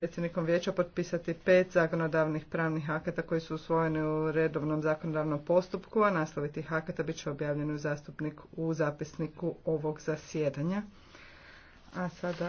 predsjednikom vijeća potpisati pet zakonodavnih pravnih akata koji su usvojeni u redovnom zakonodavnom postupku, a naslovi tih akata bit će objavljeni u zastupnik u zapisniku ovog zasjedanja. A sada